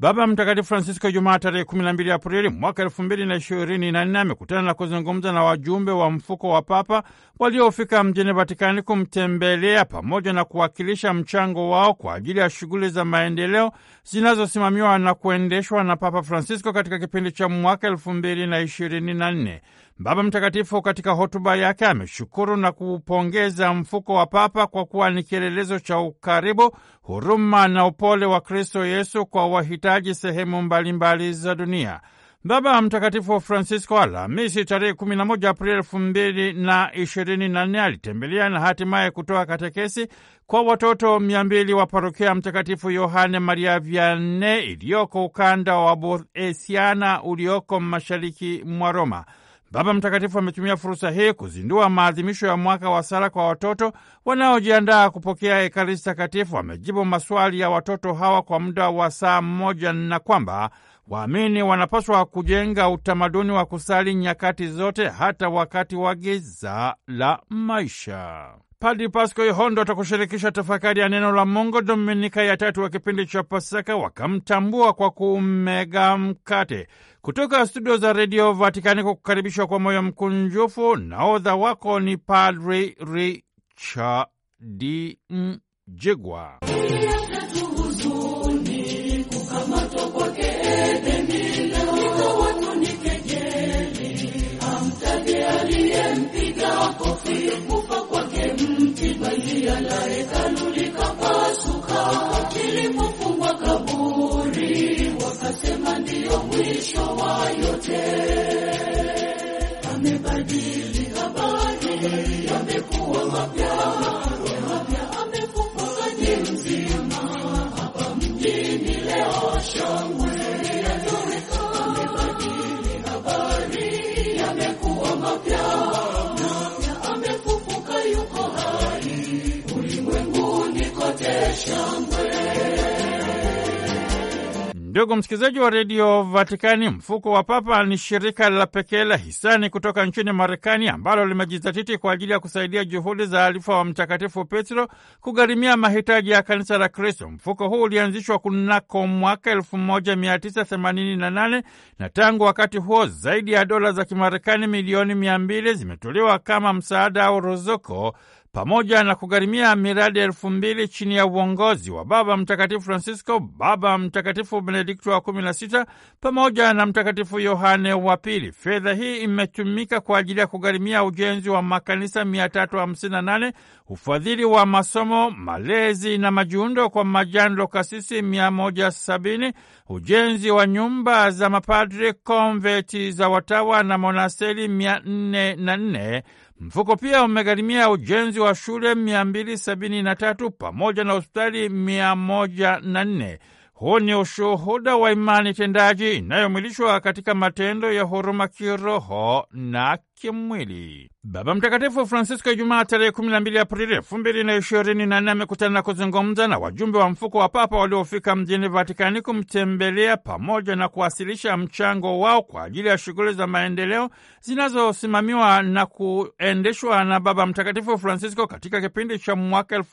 Baba Mtakatifu Francisco Jumaa tarehe 12 Aprili mwaka 2024 amekutana na kuzungumza na wajumbe wa mfuko wa Papa waliofika mjini Vatikani kumtembelea pamoja na kuwakilisha mchango wao kwa ajili ya shughuli za maendeleo zinazosimamiwa na kuendeshwa na Papa Francisco katika kipindi cha mwaka 2024. Baba Mtakatifu katika hotuba yake ameshukuru na kuupongeza mfuko wa papa kwa kuwa ni kielelezo cha ukaribu, huruma na upole wa Kristo Yesu kwa wahitaji sehemu mbalimbali za dunia. Baba Mtakatifu Francisco Alhamisi tarehe 11 Aprili elfu na alitembelea na hatimaye kutoa katekesi kwa watoto mia wa parokia Mtakatifu Yohane Maria Vianney iliyoko ukanda wa Boesiana ulioko mashariki mwa Roma. Baba Mtakatifu ametumia fursa hii kuzindua maadhimisho ya mwaka wa sala kwa watoto wanaojiandaa kupokea Ekaristi Takatifu. Amejibu maswali ya watoto hawa kwa muda wa saa mmoja, na kwamba waamini wanapaswa kujenga utamaduni wa kusali nyakati zote, hata wakati wa giza la maisha. Padri Pasko Ihondo atakushirikisha tafakari ya neno la Mungu dominika ya tatu wa kipindi cha Pasaka, wakamtambua kwa kumega mkate. Kutoka studio za redio Vatikani kwa kukaribishwa kwa moyo mkunjufu, naodha wako ni Padri Richard Mjigwa. Zulia la hekalu likapasuka, lilipofungwa kaburi, wakasema ndiyo mwisho wa yote. Amebadili habari, yamekuwa mapya mapya, amefufuka ni mzima, hapa mjini leo shangwe inatoweka. Amebadili habari, yamekuwa mapya Ndugu msikilizaji wa redio Vatikani, mfuko wa Papa ni shirika la pekee la hisani kutoka nchini Marekani ambalo limejizatiti kwa ajili ya kusaidia juhudi za alifa wa Mtakatifu Petro kugharimia mahitaji ya kanisa la Kristo. Mfuko huu ulianzishwa kunako mwaka 1988 na tangu wakati huo zaidi ya dola za Kimarekani milioni 200 zimetolewa kama msaada au ruzuko pamoja na kugharimia miradi elfu mbili chini ya uongozi wa Baba Mtakatifu Francisco, Baba Mtakatifu Benedikto wa kumi na sita pamoja na Mtakatifu Yohane wa Pili. Fedha hii imetumika kwa ajili ya kugharimia ujenzi wa makanisa 358, ufadhili wa masomo, malezi na majiundo kwa majando kasisi 170, ujenzi wa nyumba za mapadri, konveti za watawa na monasteri 404 Mfuko pia umegharimia ujenzi wa shule 273 pamoja na hospitali 104. Huu ni ushuhuda wa imani tendaji inayomwilishwa katika matendo ya huruma kiroho na kimwili. Baba Mtakatifu Francisco Ijumaa tarehe 12 Aprili nne amekutana na kuzungumza na wajumbe wa mfuko wa papa waliofika mjini Vatikani kumtembelea pamoja na kuwasilisha mchango wao kwa ajili ya shughuli za maendeleo zinazosimamiwa na kuendeshwa na Baba Mtakatifu Francisco katika kipindi cha mwaka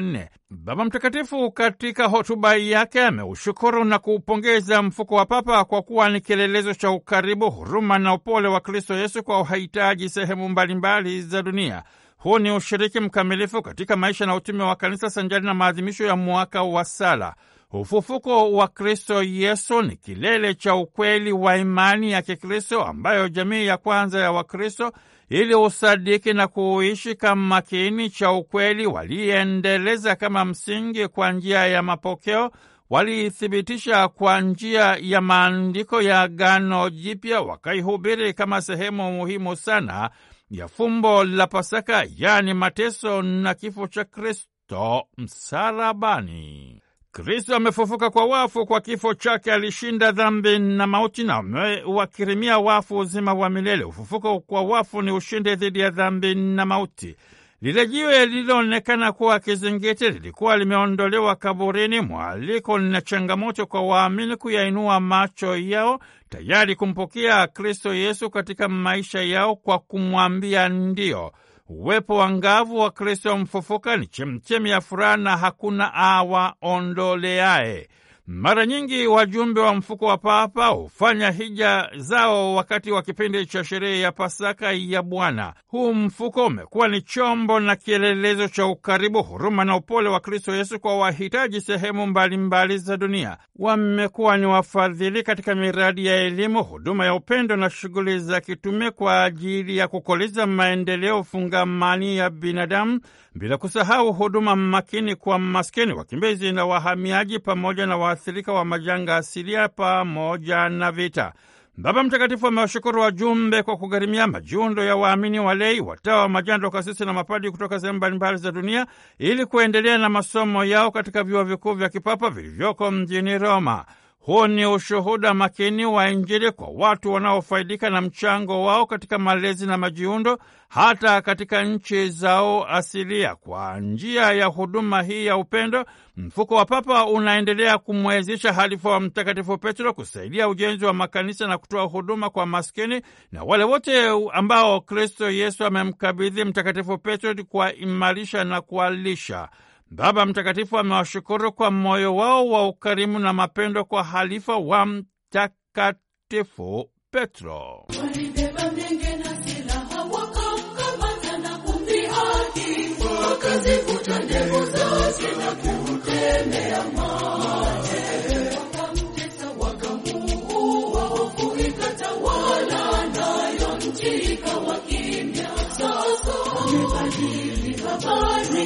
nne. Baba Mtakatifu katika hotuba yake ameushukuru na kuupongeza mfuko wa papa kwa kuwa ni kielelezo cha ukaribu, huruma na upole wa Kristo Yesu kwa wahitaji sehemu mbalimbali za dunia. Huu ni ushiriki mkamilifu katika maisha na utume wa kanisa sanjari na maadhimisho ya mwaka wa sala. Ufufuko wa Kristo Yesu ni kilele cha ukweli wa imani ya Kikristo ambayo jamii ya kwanza ya Wakristo ili usadiki na kuishi kama kiini cha ukweli waliendeleza kama msingi kwa njia ya mapokeo waliithibitisha kwa njia ya maandiko ya Agano Jipya, wakaihubiri kama sehemu muhimu sana ya fumbo la Pasaka, yaani mateso na kifo cha Kristo msalabani. Kristo amefufuka kwa wafu. Kwa kifo chake alishinda dhambi na mauti na amewakirimia wafu uzima wa milele. Ufufuko kwa wafu ni ushindi dhidi ya dhambi na mauti. Lile jiwe lililoonekana kuwa kizingiti lilikuwa limeondolewa kaburini. Mwaliko na changamoto kwa waamini kuyainua macho yao tayari kumpokea Kristo Yesu katika maisha yao kwa kumwambia ndio. Uwepo wa ngavu wa Kristo mfufuka ni chemchemi ya furaha na hakuna awaondoleaye. Mara nyingi wajumbe wa mfuko wa papa hufanya hija zao wakati wa kipindi cha sherehe ya Pasaka ya Bwana. Huu mfuko umekuwa ni chombo na kielelezo cha ukaribu, huruma na upole wa Kristo Yesu kwa wahitaji sehemu mbalimbali mbali za dunia. Wamekuwa ni wafadhili katika miradi ya elimu, huduma ya upendo na shughuli za kitume kwa ajili ya kukoleza maendeleo fungamani ya binadamu, bila kusahau huduma makini kwa maskini, wakimbizi na wahamiaji pamoja na wa waathirika wa majanga asilia pamoja na vita. Baba Mtakatifu amewashukuru wajumbe kwa kugharimia majundo ya waamini, walei, watawa wa majando, kasisi na mapadi kutoka sehemu mbalimbali za dunia ili kuendelea na masomo yao katika vyuo vikuu vya kipapa vilivyoko mjini Roma. Huu ni ushuhuda makini wa Injili kwa watu wanaofaidika na mchango wao katika malezi na majiundo hata katika nchi zao asilia. Kwa njia ya huduma hii ya upendo, mfuko wa Papa unaendelea kumwezesha halifa wa Mtakatifu Petro kusaidia ujenzi wa makanisa na kutoa huduma kwa maskini na wale wote ambao Kristo Yesu amemkabidhi Mtakatifu Petro kuwaimarisha na kuwalisha. Baba Mtakatifu amewashukuru kwa moyo wao wa ukarimu na mapendo kwa halifa wa Mtakatifu Petro.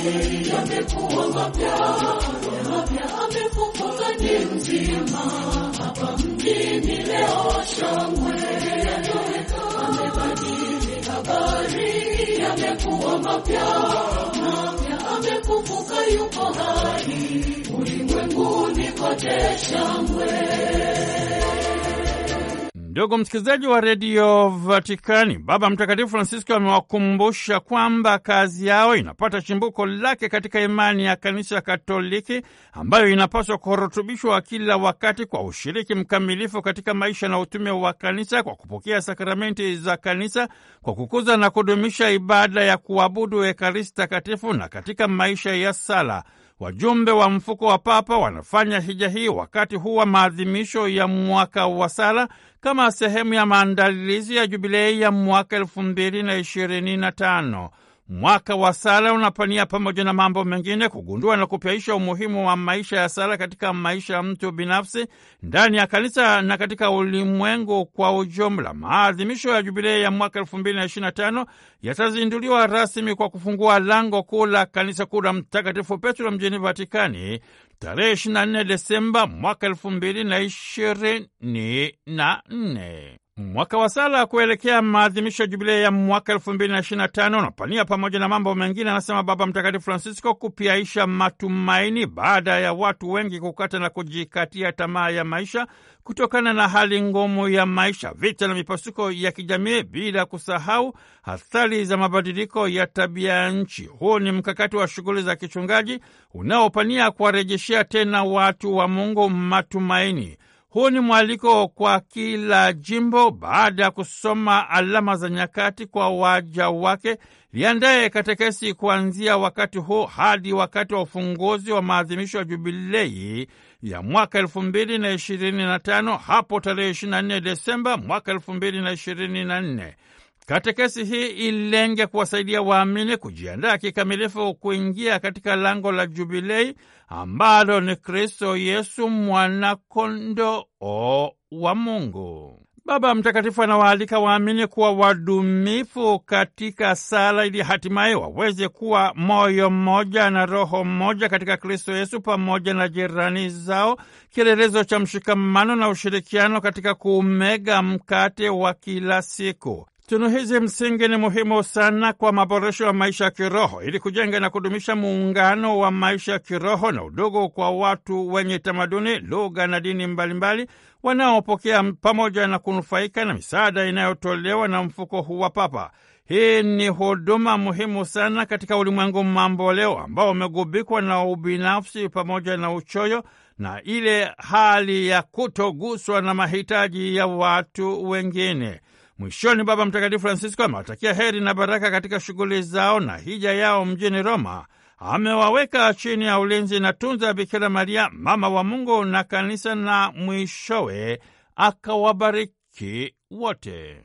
kweli yamekuwa mapya, mapya amefufuka ni mzima hapa mjini leo, shangwe amebadili habari, yamekuwa mapya, mapya amefufuka, yuko hai ulimwenguni kote, shangwe Ndugu msikilizaji wa redio Vatikani, Baba Mtakatifu Francisco amewakumbusha kwamba kazi yao inapata chimbuko lake katika imani ya Kanisa Katoliki ambayo inapaswa kurutubishwa kila wakati kwa ushiriki mkamilifu katika maisha na utume wa Kanisa, kwa kupokea sakramenti za Kanisa, kwa kukuza na kudumisha ibada ya kuabudu Ekaristi Takatifu na katika maisha ya sala. Wajumbe wa mfuko wa papa wanafanya hija hii wakati huu wa maadhimisho ya mwaka wa sala kama sehemu ya maandalizi ya jubilei ya mwaka elfu mbili na ishirini na tano. Mwaka wa sala unapania pamoja na mambo mengine kugundua na kupyaisha umuhimu wa maisha ya sala katika maisha ya mtu binafsi ndani ya kanisa na katika ulimwengu kwa ujumla. Maadhimisho ya jubilei ya mwaka tano yatazinduliwa rasmi kwa kufungua lango kuu la kanisa kuu la Mtakatifu Petro mjini Vatikani tarehe 24 Desemba mwaka nne. Mwaka wa sala kuelekea maadhimisho ya jubilia ya mwaka elfu mbili na ishirini na tano unapania pamoja na mambo mengine, anasema Baba Mtakatifu Francisco, kupiaisha matumaini baada ya watu wengi kukata na kujikatia tamaa ya maisha kutokana na hali ngumu ya maisha, vita na mipasuko ya kijamii, bila kusahau athari za mabadiliko ya tabia ya nchi. Huu ni mkakati wa shughuli za kichungaji unaopania kuwarejeshea tena watu wa Mungu matumaini. Huu ni mwaliko kwa kila jimbo, baada ya kusoma alama za nyakati kwa waja wake, liandaye katekesi kuanzia wakati huu hadi wakati wa ufunguzi wa maadhimisho ya jubilei ya mwaka elfu mbili na ishirini na tano hapo tarehe 24 Desemba mwaka elfu mbili na ishirini na nne. Katekesi hii ilenge kuwasaidia waamini kujiandaa kikamilifu kuingia katika lango la Jubilei ambalo ni Kristo Yesu mwanakondoo wa Mungu. Baba Mtakatifu anawaalika waamini kuwa wadumifu katika sala ili hatimaye waweze kuwa moyo mmoja na roho mmoja katika Kristo Yesu pamoja na jirani zao, kielelezo cha mshikamano na ushirikiano katika kuumega mkate wa kila siku. Tunu hizi msingi ni muhimu sana kwa maboresho ya maisha ya kiroho ili kujenga na kudumisha muungano wa maisha ya kiroho na udugu kwa watu wenye tamaduni, lugha na dini mbalimbali wanaopokea pamoja na kunufaika na misaada inayotolewa na mfuko huu wa Papa. Hii ni huduma muhimu sana katika ulimwengu mamboleo ambao umegubikwa na ubinafsi pamoja na uchoyo na ile hali ya kutoguswa na mahitaji ya watu wengine. Mwishoni, Baba Mtakatifu Francisco amewatakia heri na baraka katika shughuli zao na hija yao mjini Roma. Amewaweka chini ya ulinzi na tunza Bikira Maria, mama wa Mungu na Kanisa, na mwishowe akawabariki wote.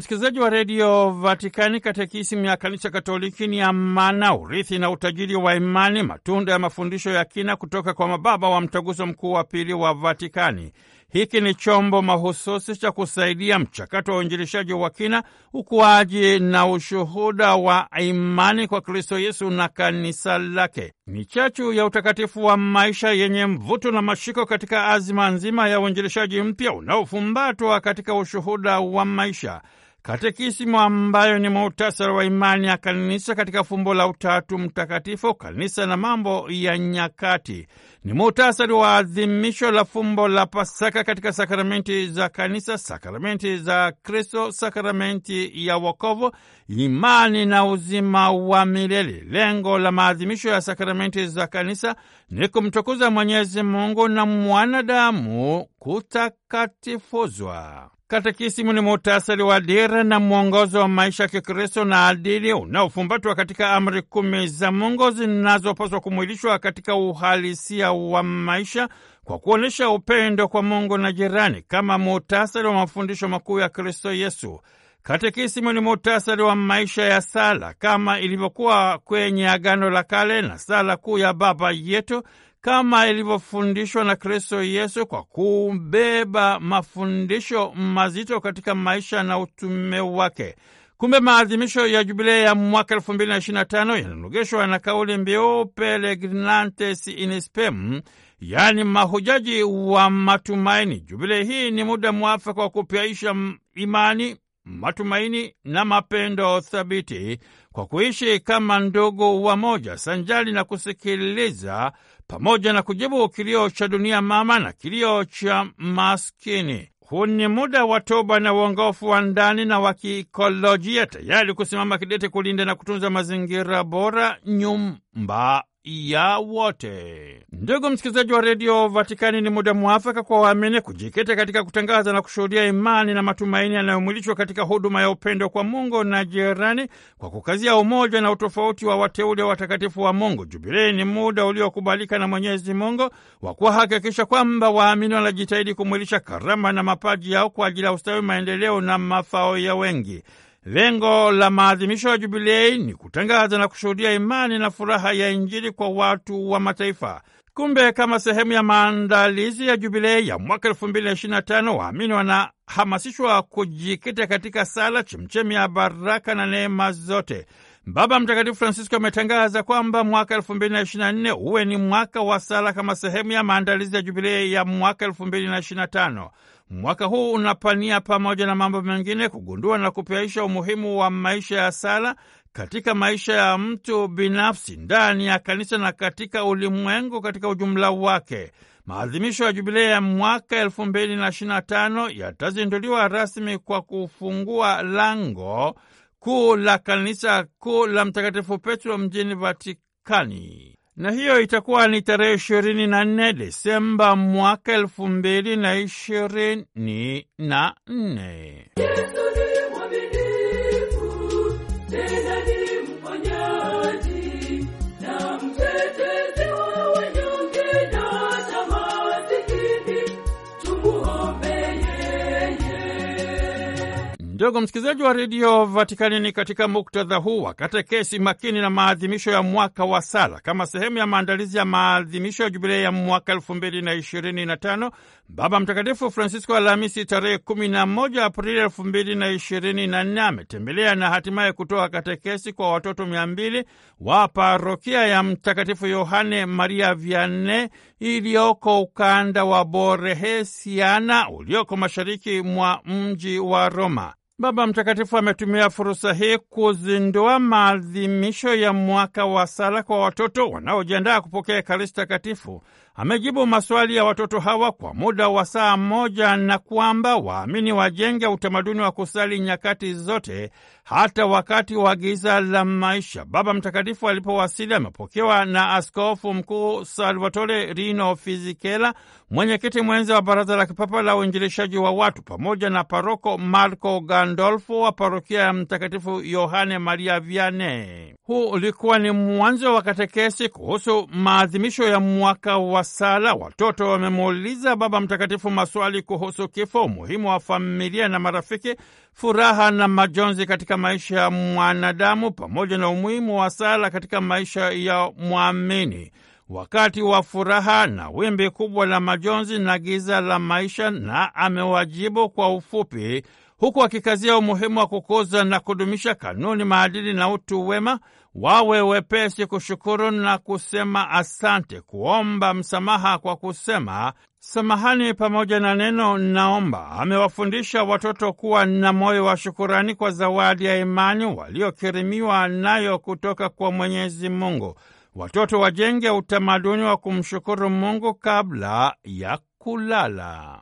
msikilizaji wa redio Vatikani, katekisimu ya kanisa Katoliki ni amana, urithi na utajiri wa imani, matunda ya mafundisho ya kina kutoka kwa mababa wa mtaguso mkuu wa pili wa Vatikani. Hiki ni chombo mahususi cha kusaidia mchakato wa uinjilishaji wa kina, ukuaji na ushuhuda wa imani kwa Kristo Yesu na kanisa lake. Ni chachu ya utakatifu wa maisha yenye mvuto na mashiko katika azima nzima ya uinjilishaji mpya unaofumbatwa katika ushuhuda wa maisha. Katekisimu ambayo ni muhtasari wa imani ya kanisa katika fumbo la Utatu Mtakatifu, kanisa na mambo ya nyakati, ni muhtasari wa adhimisho la fumbo la Pasaka katika sakramenti za kanisa, sakramenti za Kristo, sakramenti ya wokovu, imani na uzima wa milele. Lengo la maadhimisho ya sakramenti za kanisa ni kumtukuza Mwenyezi Mungu na mwanadamu kutakatifuzwa. Katekisimu ni muhtasari wa dira na mwongozo wa maisha ya Kikristo na adili unaofumbatwa katika amri kumi za Mungu zinazopaswa kumwilishwa katika uhalisia wa maisha kwa kuonyesha upendo kwa Mungu na jirani, kama muhtasari wa mafundisho makuu ya Kristo Yesu. Katekisimu ni muhtasari wa maisha ya sala kama ilivyokuwa kwenye Agano la Kale na sala kuu ya Baba yetu kama ilivyofundishwa na Kristo Yesu, kwa kubeba mafundisho mazito katika maisha na utume wake. Kumbe maadhimisho ya jubilei ya mwaka elfu mbili na ishirini na tano yananogeshwa na kauli mbiu Peregrinantes in Spem, yaani mahujaji wa matumaini. Jubilei hii ni muda mwafaka wa kupyaisha imani matumaini na mapendo thabiti kwa kuishi kama ndugu wamoja, sanjali na kusikiliza pamoja na kujibu kilio cha dunia mama na kilio cha maskini. Huu ni muda wa toba na uongofu wa ndani na wa kiikolojia, tayari kusimama kidete kulinda na kutunza mazingira bora, nyumba ya wote. Ndugu msikilizaji wa redio Vatikani, ni muda mwafaka kwa waamini kujikita katika kutangaza na kushuhudia imani na matumaini yanayomwilishwa katika huduma ya upendo kwa Mungu na jirani, kwa kukazia umoja na utofauti wa wateule watakatifu wa Mungu. Jubilei ni muda uliokubalika na Mwenyezi Mungu wa kuwahakikisha kwamba waamini wanajitahidi kumwilisha karama na mapaji yao kwa ajili ya ustawi, maendeleo na mafao ya wengi. Lengo la maadhimisho ya Jubilei ni kutangaza na kushuhudia imani na furaha ya Injili kwa watu wa mataifa. Kumbe, kama sehemu ya maandalizi ya Jubilei ya mwaka elfu mbili na ishirini na tano, waamini wanahamasishwa kujikita katika sala, chemchemi ya baraka na neema zote. Baba Mtakatifu Francisco ametangaza kwamba mwaka elfu mbili na ishirini na nne uwe ni mwaka wa sala kama sehemu ya maandalizi ya Jubilei ya mwaka elfu mbili na ishirini na tano. Mwaka huu unapania pamoja na mambo mengine kugundua na kupeaisha umuhimu wa maisha ya sala katika maisha ya mtu binafsi, ndani ya kanisa na katika ulimwengu katika ujumla wake. Maadhimisho ya jubilei ya mwaka 225 yatazinduliwa rasmi kwa kufungua lango kuu la kanisa kuu la Mtakatifu Petro mjini Vatikani na hiyo itakuwa ni tarehe ishirini na nne Desemba mwaka elfu mbili na ishirini na nne. Ndugu msikilizaji wa redio Vatikani, ni katika muktadha huu wa katekesi makini na maadhimisho ya mwaka wa sala kama sehemu ya maandalizi ya maadhimisho ya jubilei ya mwaka elfu mbili na ishirini na tano Baba Mtakatifu Francisco Alhamisi tarehe kumi na moja Aprili elfu mbili na ishirini na nne ametembelea na hatimaye kutoa katekesi kwa watoto mia mbili wa parokia ya Mtakatifu Yohane Maria Vianne iliyoko ukanda wa Borehesiana ulioko mashariki mwa mji wa Roma. Baba Mtakatifu ametumia fursa hii kuzindua maadhimisho ya mwaka wa sala kwa watoto wanaojiandaa kupokea Ekaristi Takatifu amejibu maswali ya watoto hawa kwa muda wa saa moja na kwamba waamini wajenge utamaduni wa kusali nyakati zote hata wakati wa giza la maisha. Baba Mtakatifu alipowasili amepokewa na askofu mkuu Salvatore Rino Fizikela, mwenyekiti mwenzi wa Baraza la Kipapa la Uinjilishaji wa watu, pamoja na paroko Marco Gandolfo wa parokia ya Mtakatifu Yohane Maria Vianney. Huu ulikuwa ni mwanzo wa katekesi kuhusu maadhimisho ya mwaka wa sala, watoto wamemuuliza Baba Mtakatifu maswali kuhusu kifo, umuhimu wa familia na marafiki, furaha na majonzi katika maisha ya mwanadamu, pamoja na umuhimu wa sala katika maisha ya mwamini. Wakati wa furaha na wimbi kubwa la majonzi na giza la maisha, na amewajibu kwa ufupi huku akikazia umuhimu wa kukuza na kudumisha kanuni, maadili na utu wema, wawe wepesi kushukuru na kusema asante, kuomba msamaha kwa kusema samahani pamoja na neno naomba. Amewafundisha watoto kuwa na moyo wa shukurani kwa zawadi ya imani waliokirimiwa nayo kutoka kwa Mwenyezi Mungu. Watoto wajenge utamaduni wa kumshukuru Mungu kabla ya kulala.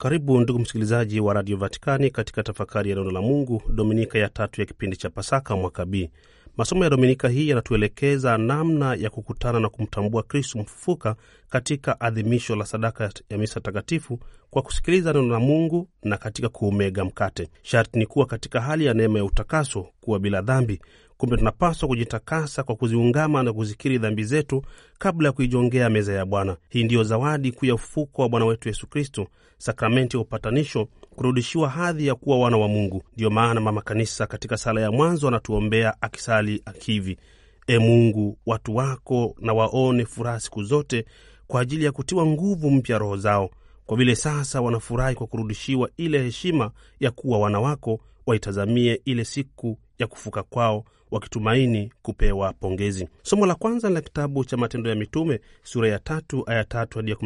Karibu ndugu msikilizaji wa Radio Vatikani katika tafakari ya neno la Mungu, dominika ya tatu ya kipindi cha Pasaka mwaka B. Masomo ya dominika hii yanatuelekeza namna ya kukutana na kumtambua Kristu mfufuka katika adhimisho la sadaka ya misa takatifu kwa kusikiliza neno la Mungu na katika kuumega mkate. Sharti ni kuwa katika hali ya neema ya utakaso, kuwa bila dhambi, Kumbe tunapaswa kujitakasa kwa kuziungama na kuzikiri dhambi zetu kabla ya kuijongea meza ya Bwana. Hii ndiyo zawadi kuu ya ufuko wa Bwana wetu Yesu Kristo, sakramenti ya upatanisho, kurudishiwa hadhi ya kuwa wana wa Mungu. Ndiyo maana Mama Kanisa katika sala ya mwanzo anatuombea akisali akivi: E Mungu, watu wako na waone furaha siku zote kwa ajili ya kutiwa nguvu mpya roho zao, kwa vile sasa wanafurahi kwa kurudishiwa ile heshima ya kuwa wana wako. Waitazamie ile siku ya kufuka kwao wakitumaini kupewa pongezi. Somo la kwanza la kitabu cha Matendo ya Mitume sura ya tatu aya tatu hadi ya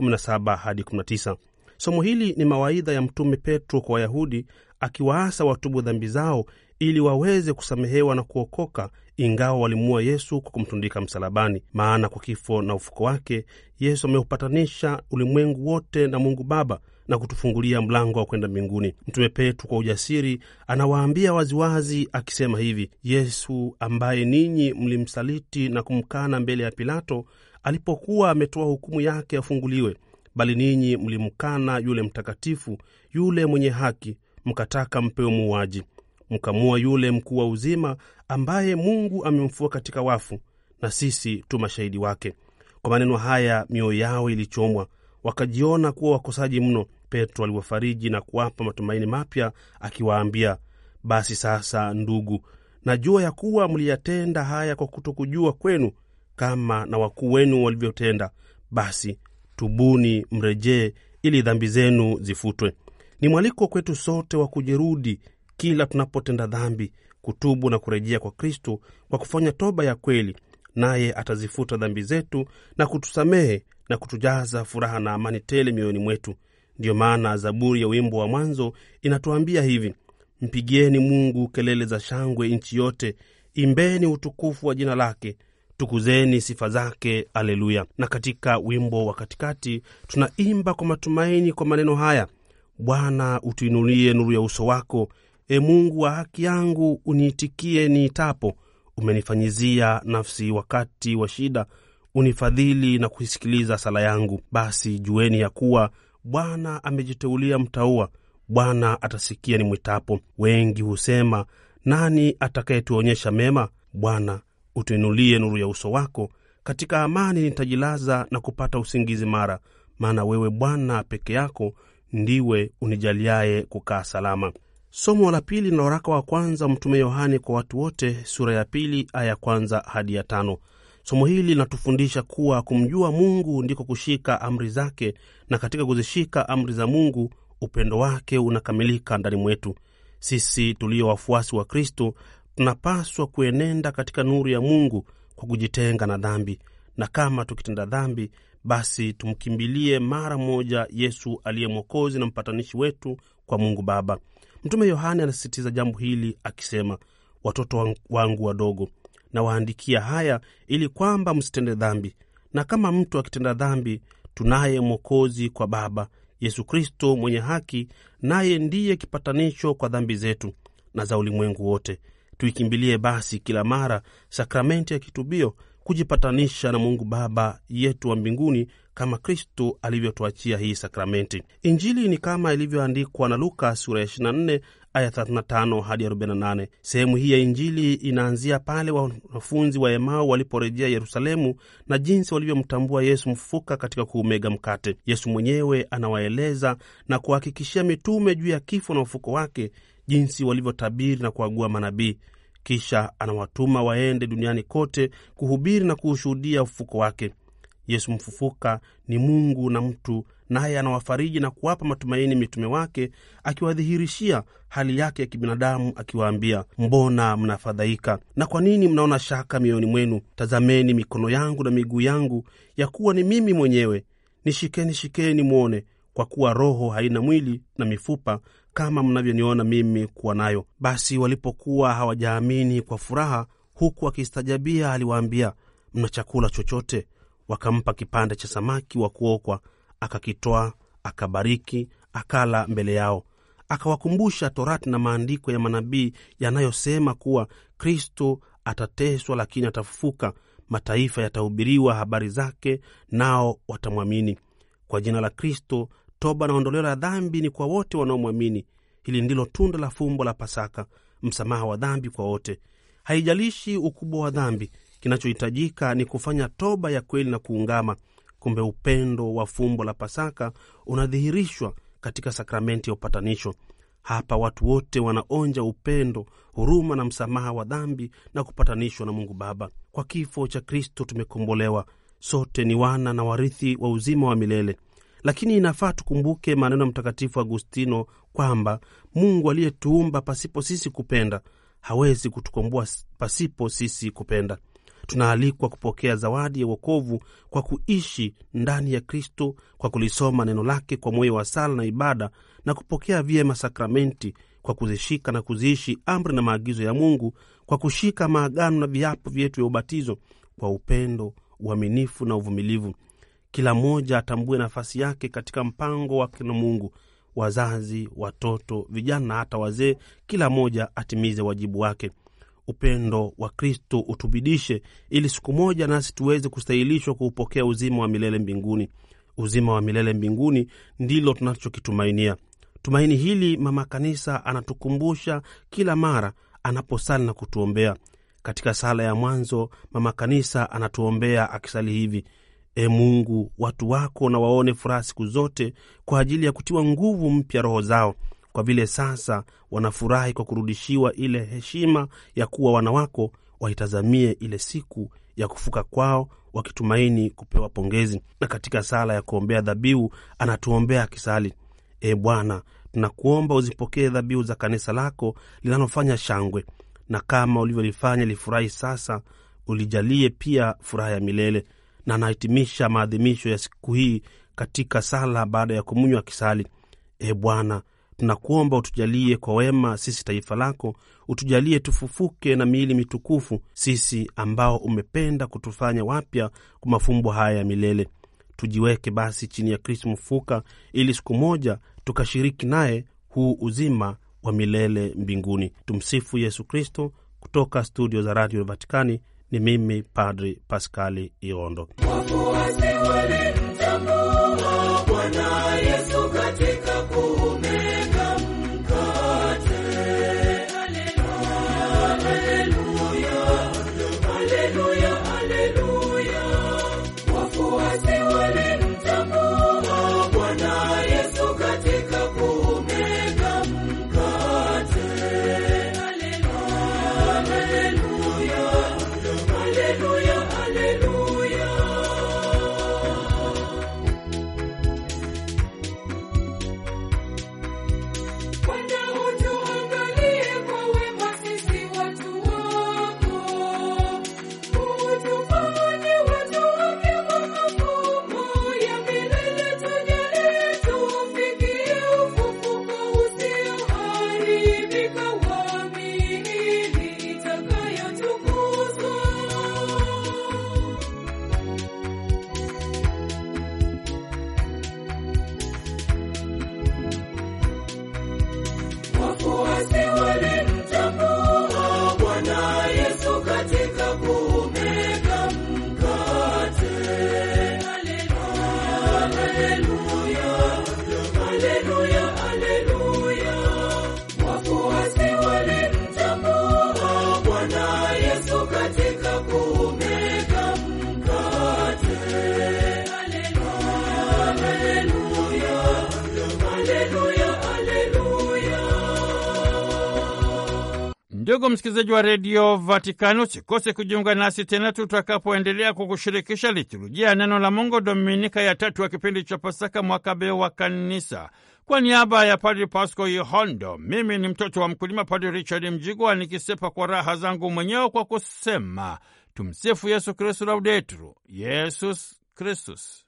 na saba hadi tisa. Somo hili ni mawaidha ya Mtume Petro kwa Wayahudi akiwaasa watubu dhambi zao ili waweze kusamehewa na kuokoka ingawa walimuua Yesu kwa kumtundika msalabani. Maana kwa kifo na ufuko wake Yesu ameupatanisha ulimwengu wote na Mungu Baba na kutufungulia mlango wa kwenda mbinguni. Mtume Petro kwa ujasiri anawaambia waziwazi akisema hivi: Yesu ambaye ninyi mlimsaliti na kumkana mbele ya Pilato alipokuwa ametoa hukumu yake afunguliwe, bali ninyi mlimkana yule mtakatifu, yule mwenye haki, mkataka mpewe muuaji, mkamua yule mkuu wa uzima ambaye Mungu amemfua katika wafu, na sisi tu mashahidi wake. Kwa maneno haya mioyo yao ilichomwa, wakajiona kuwa wakosaji mno. Petro aliwafariji na kuwapa matumaini mapya, akiwaambia, basi sasa ndugu, najua ya kuwa mliyatenda haya kwa kutokujua kwenu, kama na wakuu wenu walivyotenda. Basi tubuni, mrejee ili dhambi zenu zifutwe. Ni mwaliko kwetu sote wa kujirudi kila tunapotenda dhambi, kutubu na kurejea kwa Kristo kwa kufanya toba ya kweli, naye atazifuta dhambi zetu na kutusamehe na kutujaza furaha na amani tele mioyoni mwetu. Ndiyo maana Zaburi ya wimbo wa mwanzo inatuambia hivi: mpigieni Mungu kelele za shangwe nchi yote, imbeni utukufu wa jina lake, tukuzeni sifa zake, aleluya. Na katika wimbo wa katikati tunaimba kwa matumaini kwa maneno haya: Bwana utuinulie nuru ya uso wako E Mungu wa haki yangu, uniitikie niitapo. Umenifanyizia nafsi wakati wa shida, unifadhili na kuisikiliza sala yangu. Basi jueni ya kuwa Bwana amejiteulia mtaua, Bwana atasikia ni mwitapo Wengi husema, nani atakayetuonyesha mema? Bwana, utuinulie nuru ya uso wako, katika amani nitajilaza na kupata usingizi mara, maana wewe Bwana peke yako ndiwe unijaliaye kukaa salama. Somo la pili na waraka wa kwanza Mtume Yohane kwa watu wote, sura ya pili aya ya kwanza hadi ya tano. Somo hili linatufundisha kuwa kumjua Mungu ndiko kushika amri zake, na katika kuzishika amri za Mungu upendo wake unakamilika ndani mwetu. Sisi tulio wafuasi wa Kristo tunapaswa kuenenda katika nuru ya Mungu kwa kujitenga na dhambi, na kama tukitenda dhambi, basi tumkimbilie mara moja Yesu aliye Mwokozi na mpatanishi wetu kwa Mungu Baba. Mtume Yohane anasisitiza jambo hili akisema, watoto wangu wadogo, nawaandikia haya ili kwamba msitende dhambi, na kama mtu akitenda dhambi, tunaye Mwokozi kwa Baba, Yesu Kristo mwenye haki, naye ndiye kipatanisho kwa dhambi zetu na za ulimwengu wote. Tuikimbilie basi kila mara sakramenti ya kitubio kujipatanisha na Mungu Baba yetu wa mbinguni kama Kristu alivyotuachia hii sakramenti. Injili ni kama ilivyoandikwa na Luka sura ya 24 aya 35 hadi 48. Sehemu hii ya Injili inaanzia pale wanafunzi wa Emau waliporejea Yerusalemu na jinsi walivyomtambua Yesu mfuka katika kuumega mkate. Yesu mwenyewe anawaeleza na kuhakikishia mitume juu ya kifo na ufuko wake, jinsi walivyotabiri na kuagua manabii kisha anawatuma waende duniani kote kuhubiri na kuushuhudia ufuko wake. Yesu mfufuka ni Mungu na mtu, naye anawafariji na kuwapa matumaini mitume wake, akiwadhihirishia hali yake ya kibinadamu, akiwaambia, mbona mnafadhaika na kwa nini mnaona shaka mioyoni mwenu? Tazameni mikono yangu na miguu yangu, ya kuwa ni mimi mwenyewe. Nishikeni, shikeni mwone, kwa kuwa roho haina mwili na mifupa kama mnavyoniona mimi kuwa nayo. Basi walipokuwa hawajaamini kwa furaha, huku akistajabia aliwaambia, mna chakula chochote? Wakampa kipande cha samaki wa kuokwa, akakitoa, akabariki, akala mbele yao. Akawakumbusha Torati na maandiko ya manabii yanayosema kuwa Kristo atateswa lakini atafufuka, mataifa yatahubiriwa habari zake, nao watamwamini. Kwa jina la Kristo toba na ondoleo la dhambi ni kwa wote wanaomwamini. Hili ndilo tunda la fumbo la Pasaka, msamaha wa dhambi kwa wote. Haijalishi ukubwa wa dhambi, Kinachohitajika ni kufanya toba ya kweli na kuungama. Kumbe upendo wa fumbo la Pasaka unadhihirishwa katika sakramenti ya upatanisho. Hapa watu wote wanaonja upendo, huruma na msamaha wa dhambi na kupatanishwa na Mungu Baba. Kwa kifo cha Kristo tumekombolewa, sote ni wana na warithi wa uzima wa milele. Lakini inafaa tukumbuke maneno ya Mtakatifu Agustino kwamba Mungu aliyetuumba pasipo sisi kupenda hawezi kutukomboa pasipo sisi kupenda tunaalikwa kupokea zawadi ya uokovu kwa kuishi ndani ya Kristo, kwa kulisoma neno lake kwa moyo wa sala na ibada, na kupokea vyema sakramenti kwa kuzishika na kuziishi amri na maagizo ya Mungu, kwa kushika maagano na viapo vyetu vya ubatizo kwa upendo, uaminifu na uvumilivu. Kila mmoja atambue nafasi yake katika mpango wake na Mungu. Wazazi, watoto, vijana na hata wazee, kila mmoja atimize wajibu wake upendo wa Kristo utubidishe, ili siku moja nasi tuweze kustahilishwa kuupokea uzima wa milele mbinguni. Uzima wa milele mbinguni ndilo tunachokitumainia. Tumaini hili Mama Kanisa anatukumbusha kila mara anaposali na kutuombea. Katika sala ya mwanzo, Mama Kanisa anatuombea akisali hivi: E Mungu, watu wako na waone furaha siku zote kwa ajili ya kutiwa nguvu mpya roho zao kwa vile sasa wanafurahi kwa kurudishiwa ile heshima ya kuwa wanawako, waitazamie ile siku ya kufuka kwao wakitumaini kupewa pongezi. Na katika sala ya kuombea dhabihu anatuombea akisali: E Bwana, tunakuomba uzipokee dhabihu za kanisa lako linalofanya shangwe, na kama ulivyolifanya lifurahi sasa, ulijalie pia furaha ya milele. Na anahitimisha maadhimisho ya siku hii katika sala baada ya kumunywa akisali: E Bwana, Tunakuomba utujalie kwa wema sisi taifa lako, utujalie tufufuke na miili mitukufu sisi ambao umependa kutufanya wapya kwa mafumbo haya ya milele. Tujiweke basi chini ya Kristo mfuka, ili siku moja tukashiriki naye huu uzima wa milele mbinguni. Tumsifu Yesu Kristo. Kutoka studio za Radio Vatikani ni mimi Padri Paskali Iondo. Ndugu msikilizaji wa redio Vatikani, usikose kujiunga nasi tena tutakapoendelea kukushirikisha liturujia ya neno la Mungu, dominika ya tatu ya kipindi cha Pasaka, mwaka B wa Kanisa. Kwa niaba ya Padri Pasco Ihondo, mimi ni mtoto wa mkulima Padri Richard Mjigwa, nikisepa kwa raha zangu mwenyewe kwa kusema tumsifu Yesu Kristu, laudetru Yesus Kristus.